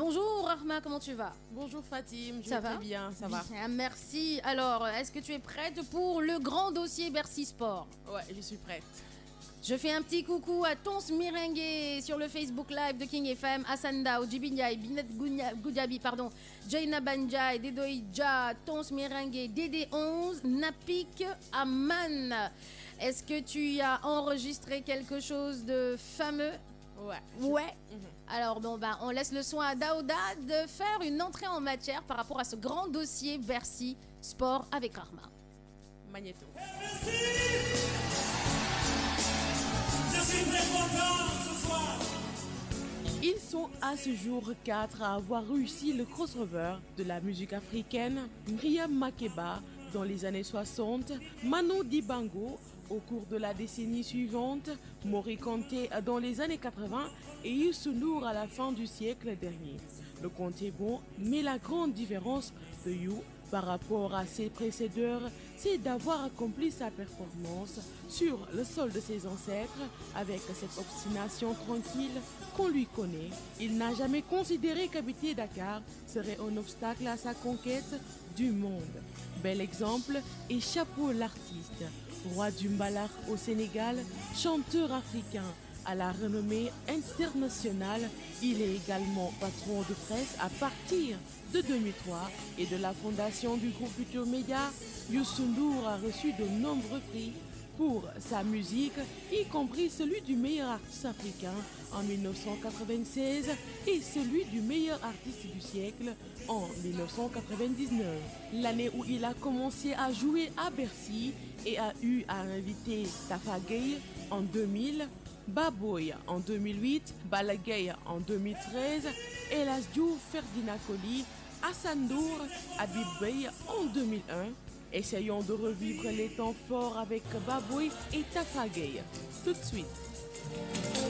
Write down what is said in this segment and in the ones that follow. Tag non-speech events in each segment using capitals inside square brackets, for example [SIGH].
bonjour Arma, comment tu vas Bonjour Fatim, je ça vais va bien, ça va. merci. Alors, est-ce que tu es prête pour le grand dossier Bercy Sport Ouais, je suis prête. Je fais un petit coucou à Tons Mirengue sur le Facebook Live de King FM, Asanda, Dao, Binet Goudiabi, pardon, Jaina Banjai, Dedoija, Tons Miringue, DD11, Napik, Aman. Est-ce que tu as enregistré quelque chose de fameux Ouais. Mhm. Alors bon, bah, on laisse le soin à Daouda de faire une entrée en matière par rapport à ce grand dossier Bercy Sport avec Arma. Magneto. Eh, Ils sont à ce jour quatre à avoir réussi le crossover de la musique africaine. Miriam Makeba dans les années 60, Manu Dibango au cours de la décennie suivante, Mori comptait dans les années 80 et Youssou lourd à la fin du siècle dernier. Le compte est bon, mais la grande différence de You par rapport à ses précédeurs, c'est d'avoir accompli sa performance sur le sol de ses ancêtres avec cette obstination tranquille qu'on lui connaît. Il n'a jamais considéré qu'habiter Dakar serait un obstacle à sa conquête du monde. Bel exemple et chapeau l'artiste, roi du Mbalak au Sénégal, chanteur africain, à la renommée internationale. Il est également patron de presse à partir de 2003 et de la fondation du groupe Futur Média. Youssou a reçu de nombreux prix pour sa musique, y compris celui du meilleur artiste africain en 1996 et celui du meilleur artiste du siècle en 1999. L'année où il a commencé à jouer à Bercy et a eu à inviter Tafa Gay en 2000 Baboy en 2008, Balagay en 2013, et Ferdinacoli Ferdinand Colli, Hassan Dour, en 2001. Essayons de revivre les temps forts avec Baboy et Tafagay. Tout de suite.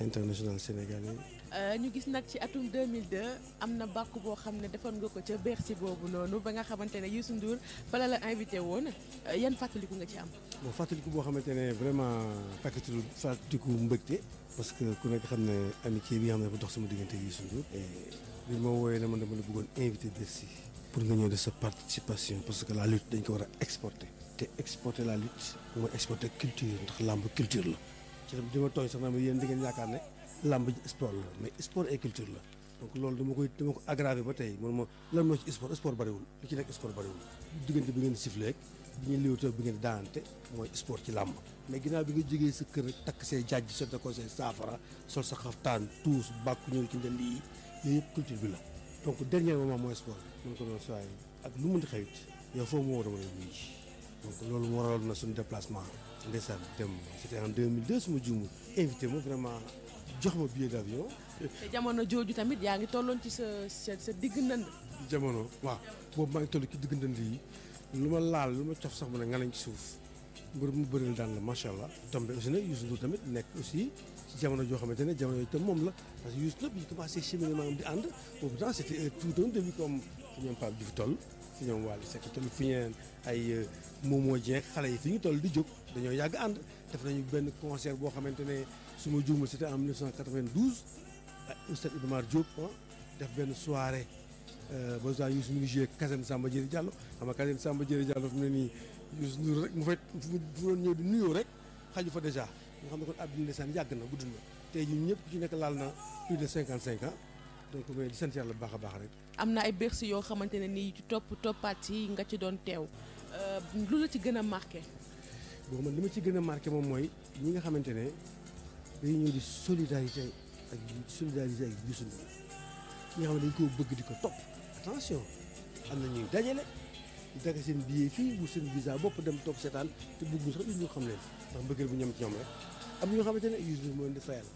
international sénégalais. Euh, ñu gis nak ci atum 2002 nous bakku bo xamné xam nga ko ba nga Youssou Ndour la invité euh, nga ci am. bon pour bo vraiment parce que ku nekk xamné amitié bi xamné bu dox sama Nous Youssou Ndour. bi ma woyé man invité pour nga ñëw de sa participation parce que la lutte dañ ko exporter. té exporter la lutte pour exporter culture ndax culture ci tam di ma tooñ sax na ma yéen da ngeen yaakaar ne làmb ji sport la mais sport et culture la donc loolu dama koy dama ko aggravé ba tey man ma lan moo ci sport sport bariwul li ci bi ngeen sifleeg bi ngeen liwtoo bi ngeen daante mooy sport ci làmb mais ginnaaw bi nga jógee sa kër rek takk see jaaj sotte ko see saafara sol sa xaftaan tuus bàkku ci ndënd yi culture bi la donc dernier moment mooy sport mun ko noonu soaay ak lu loolu moo na suñu déplacement ndeysaan dem c'était en 2002 su ma invité moi vraiment jox ma billet d'avion. te jamono jooju tamit ya nga tolloon ci ce ce sa jamono wa bobu maa ngi toll ci digg ndënd yi luma ma laal lu ma sax mo nga lañ ci souf. mbër mu bëril dal ma sha allah. tombé aussi na Youssou tamit nek aussi ci jamono jo xamantene jamono yooyu tam moom la parce que Youssou nag bi ñu commencé cheminement maanaam di and bobu temps c'était euh, tout un début comme fi ñoom Pape Diouf toll fi ñoom Wally Seck toll fi ñeen ay euh, Momo Dieng xalé yi fi ñu toll di jox dañoo yàgg ànd def nañu benn concert boo xamante ne su ma juumul c'était en 1992 Oustad Oustaz Diop ah, def benn soirée euh, ba saa Youssou Ndour joué Kazem Samba Diéry Diallo xam nga Kazem Samba Diéry Diallo fi mu ne nii Youssou Ndour rek mu fay fu doon ñëw di nuyoo rek xaju fa déjà nga xam ne kon àdduna ndeysaan yàgg na gudd na tey ñun ñëpp ci nekk laal na plus de 55 ans. donc mais di sant yàlla bu baax a baax rek. am na ay bercy yoo xamante ne nii ci topp toppaat yi nga ci doon teew. Euh, lu la ci gën a marqué. boo man li ma ci gën a marqué moom mooy ñi nga xamante ne dañu ñëw di solidarité ak solidarité ak Youssou Ndour ñi nga xam ne dañu koo bëgg di ko topp attention am na ñuy dajale daga seen billet fii bu seen visa bopp dem toog seetaan te bëgguñ sax Youssou xam leen ndax mbëggeel bu ñoom ci ñoom rek am ñoo xamante ne Youssou Ndour moo leen di fayal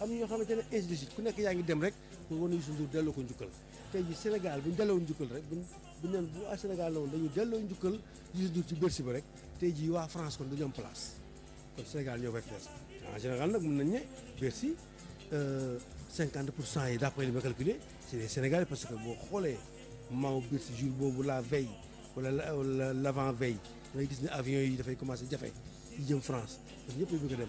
am ñoo xamante ne ainsi ku nekk yaa ngi dem rek pour wane Youssou Ndour delloo ko njukkal tey ji Sénégal bu ñu delloo njukkal rek buñ buñ naan bu Sénégal la woon dañuy delloo njukkal Youssou Ndour ci Bercy ba rek tey ji waa France kon dañu am place kon Sénégal ñoo fay fees en général nag mën nañ ne Bercy euh, cinquante pour cent yi d'après li ma calculé c'est les Sénégalais parce que boo xoolee maaw Bercy jour boobu la veille wala l'avant veille dangay gis ne avion yi dafay commencé jafe yi jëm France parce que ñëpp ay bëgg a dem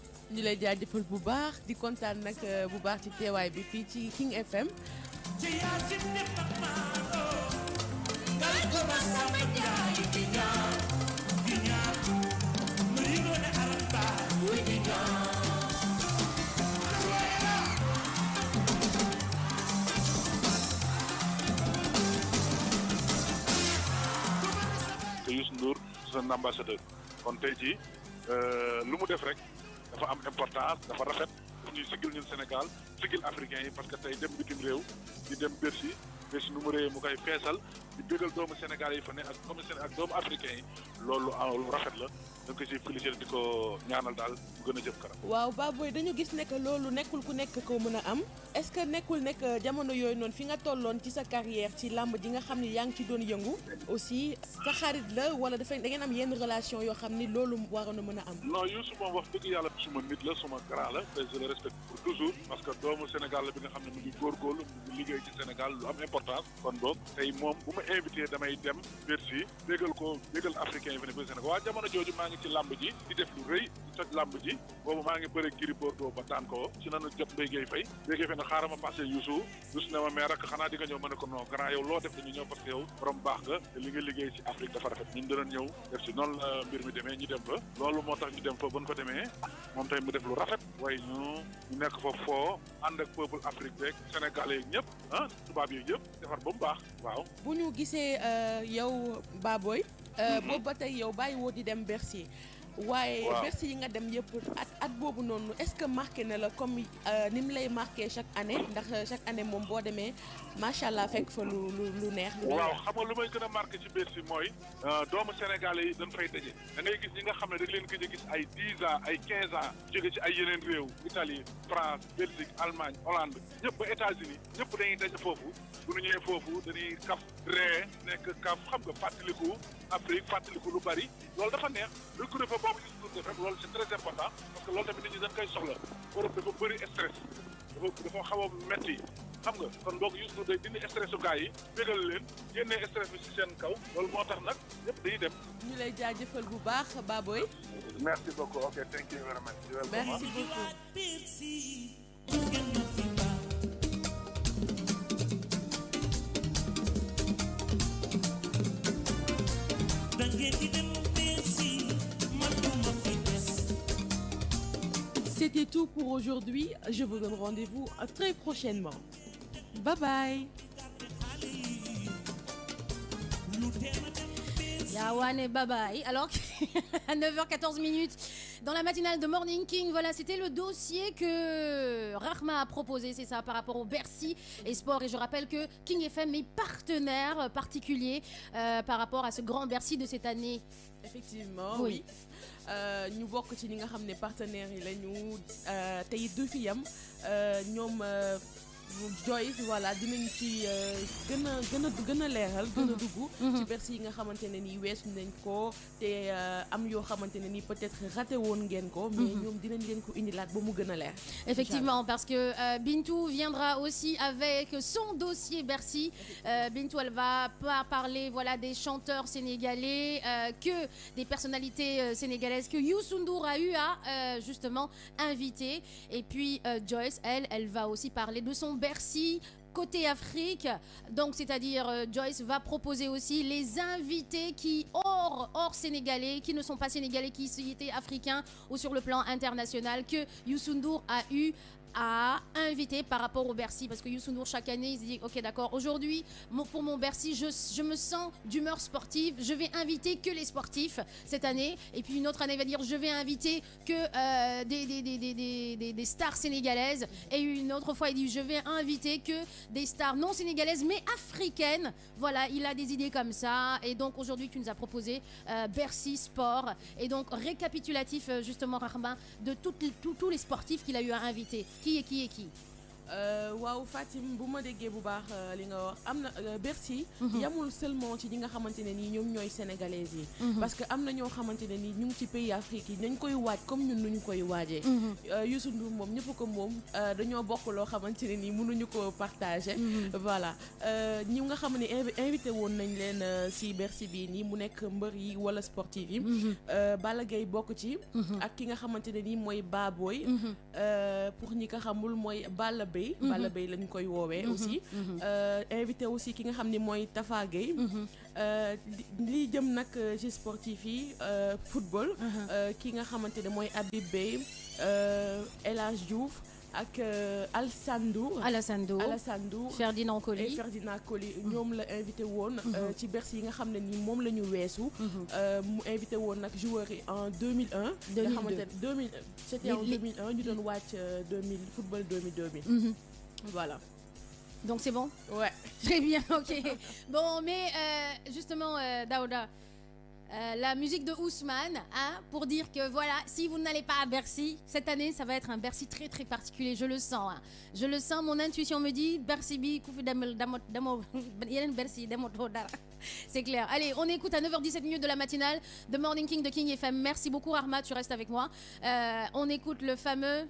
ñu lay jaajëfal bu baax di kontaan nag euh, bu baax ci teewaay bi fii ci King FM. te Youssou Ndour c'est un ambassadeur kon tey jii euh, lu mu def rek. dafa am importance dafa rafet pour ñuy sigil Sénégal sigil africain yi parce que tey dem bitim réew di dem Bercy bés numéro yi mu koy feesal di bégal doomu Sénégal yi fa ne ak doomu ak doomu africain yi loolu rafet la di ko ñaanal daal mu gën a jëm kanam. waaw Baboy dañu gis ne loolu nekkul ku nekk ko mën a am est nekkul nekk jamono yooyu noonu fi nga tolloon ci sa carrière ci làmb ji nga xam ne yaa ngi ci doon yëngu aussi sa xarit la wala dafay da am yenn relation yoo xam ni loolu waroon a mën a am. non Youssou moom wax dëgg yàlla reportage kon boog tey moom bu ma invité damay dem Bercy bégal ko bégal africain yi fi ne bëgg Sénégal waa jamono jooju maa ngi ci lamb ji di def lu rëy di toj lamb ji boobu maa ngi bëre Giri Bordeaux ba daan ko ci nanu jot mbéy gay fay mbéy gay fay na xaaral ma passé Youssou Youssou ne ma mais rak xanaa di nga ñëw ma ne ko non grand yow loo def dañu ñëw parce que yow borom baax nga te li nga liggéey ci Afrique dafa rafet ñun danañ ñëw def si noonu la mbir mi demee ñu dem fa loolu moo tax ñu dem fa bu ko demee moom tey mu def lu rafet way ñu nekk fa foo ànd ak peuple Afrique beeg Sénégalais ñëpp ah tubaab yooyu yëpp defar ba mu baax waaw. bu ñu gisee euh, yow Baboy. Euh, mhm. boobu ba tey yow bàyyi woo di dem Bercy. waaye merci yi nga dem yëpp at at boobu noonu est-ce que marqué na la comme euh, ni mu lay marqué chaque année ndax euh, chaque année moom boo demee macha allah fekk fa lu lu neex. waaw xam nga lu may gën a marqué ci Bercy mooy. Euh, doomu sénégalais yi dañ fay daje. da ngay gis ñi nga xam ne dañ leen gëj a gis ay dix ans ay quinze ans. jóge ci ay yeneen réew Italie France Belgique Allemagne Hollande ñëpp ba États-Unis ñëpp dañuy daje foofu bu ñu ñëwee foofu dañuy kaf. ree nekk kam xam nga fàttaliku Afrique fàttaliku lu bari loolu dafa neex regroupé boobu ñu def rek loolu c'est très important parce que loolu tamit nit ñi dañ soxla Europe dafa bëri stress dafa dafa xaw a metti xam nga kon boog Youssou Ndour day dindi stress gaa yi bégal leen génnee stress bi ci seen kaw loolu moo tax nag ñëpp dañuy dem. ñu lay jaajëfal bu baax Baboy. merci beaucoup ok C'était tout pour aujourd'hui. Je vous donne rendez-vous très prochainement. Bye bye. Yawane, bye bye. Alors, [LAUGHS] à 9h14 minutes. Dans la matinale de Morning King, voilà, c'était le dossier que Rahma a proposé, c'est ça, par rapport au Bercy et Et je rappelle que King FM est partenaire particulier euh, par rapport à ce grand Bercy de cette année. Effectivement, oui. Nous voyons euh, ci à nga partenaires nous avons euh, deux filles Nous Joyce voilà dinañ ci euh, gën a gën a gën a leeral. a mm-hmm. ci bersi mm-hmm. yi nga xamante ne nii weesu nañ ko te euh, am yoo xamante ne peut-être raté woon ngeen ko. mais mm-hmm. ñoom dinañ leen ko indilaat ba mu gën a leer. effectivement parce que euh, Bintou viendra aussi avec son dossier Bercy. Bintou elle va pas parler voilà des chanteurs sénégalais que des personnalités sénégalaises que Youssou Ndour a eu à justement inviter et puis Joyce elle elle va aussi parler de son Bercy côté Afrique. Donc, c'est-à-dire, euh, Joyce va proposer aussi les invités qui, hors, hors sénégalais, qui ne sont pas sénégalais, qui étaient africains ou sur le plan international, que Youssou a eu à inviter par rapport au Bercy Parce que Youssou Nour, chaque année, il se dit Ok, d'accord, aujourd'hui, pour mon Bercy, je, je me sens d'humeur sportive. Je vais inviter que les sportifs cette année. Et puis une autre année, il va dire Je vais inviter que euh, des, des, des, des, stars sénégalaises. Et une autre fois, il dit Je vais inviter que des stars non sénégalaises, mais africaines. Voilà, il a des idées comme ça. Et donc aujourd'hui, tu nous as proposé euh, Bercy Sport. Et donc, récapitulatif, euh, justement, Rahman de tous les sportifs qu'il a eu à inviter. aqui, aqui, aqui. Euh, waaw Fatim bu ma déggee bu baax euh, li nga wax am na euh, Bercy mhm. yamul seulement ci ñi nga xamante ne nii ñoom ñooy sénégalais yi mhm. parce que am na ñoo xamante ne nii ñu ngi ci pays Afrique yi dañ koy waaj comme ñun nuñ koy waajee mhm. Youssou Ndour moom ñëpp ko moom dañoo bokk loo xamante ne nii mënuñu ko partager voilà ñi nga xam ne invité woon nañ leen si Bercy bii nii mu nekk mbër yi wala sportive yi Bala Gaye bokk ci ak ki nga xamante ne nii mooy Baboy pour ñi ko xamul mooy Bala Bey Bay mm-hmm. Balla Bay lañ koy woowee mm-hmm. aussi mm-hmm. Euh, invité aussi ki nga xam ni mooy Tafa Gueye euh, lii jëm nag euh, ci sportif yi football ki nga xamante ne mooy Habib Bay El Hadj Diouf ak Alassane Alessandro, Alassane Ndour Ferdinand Coly et Ferdinand invité won mhm. euh, ci Bercy yi nga xam mhm. euh, invité won nag joueurs en 2001. 2002 2000 c'était en 2001 ñu watch watch 2000 football 2002 mhm. voilà. Donc c'est bon Ouais. Très bien, ok. bon, mais euh, justement, euh, Daouda. Euh, la musique de Ousmane hein, pour dire que voilà, si vous n'allez pas à Bercy, cette année, ça va être un Bercy très très particulier, je le sens. Hein. Je le sens, mon intuition me dit Bercy [LAUGHS] Bercy [LAUGHS] C'est clair. Allez, on écoute à 9h17 de la matinale The Morning King de King FM. Merci beaucoup Arma, tu restes avec moi. Euh, on écoute le fameux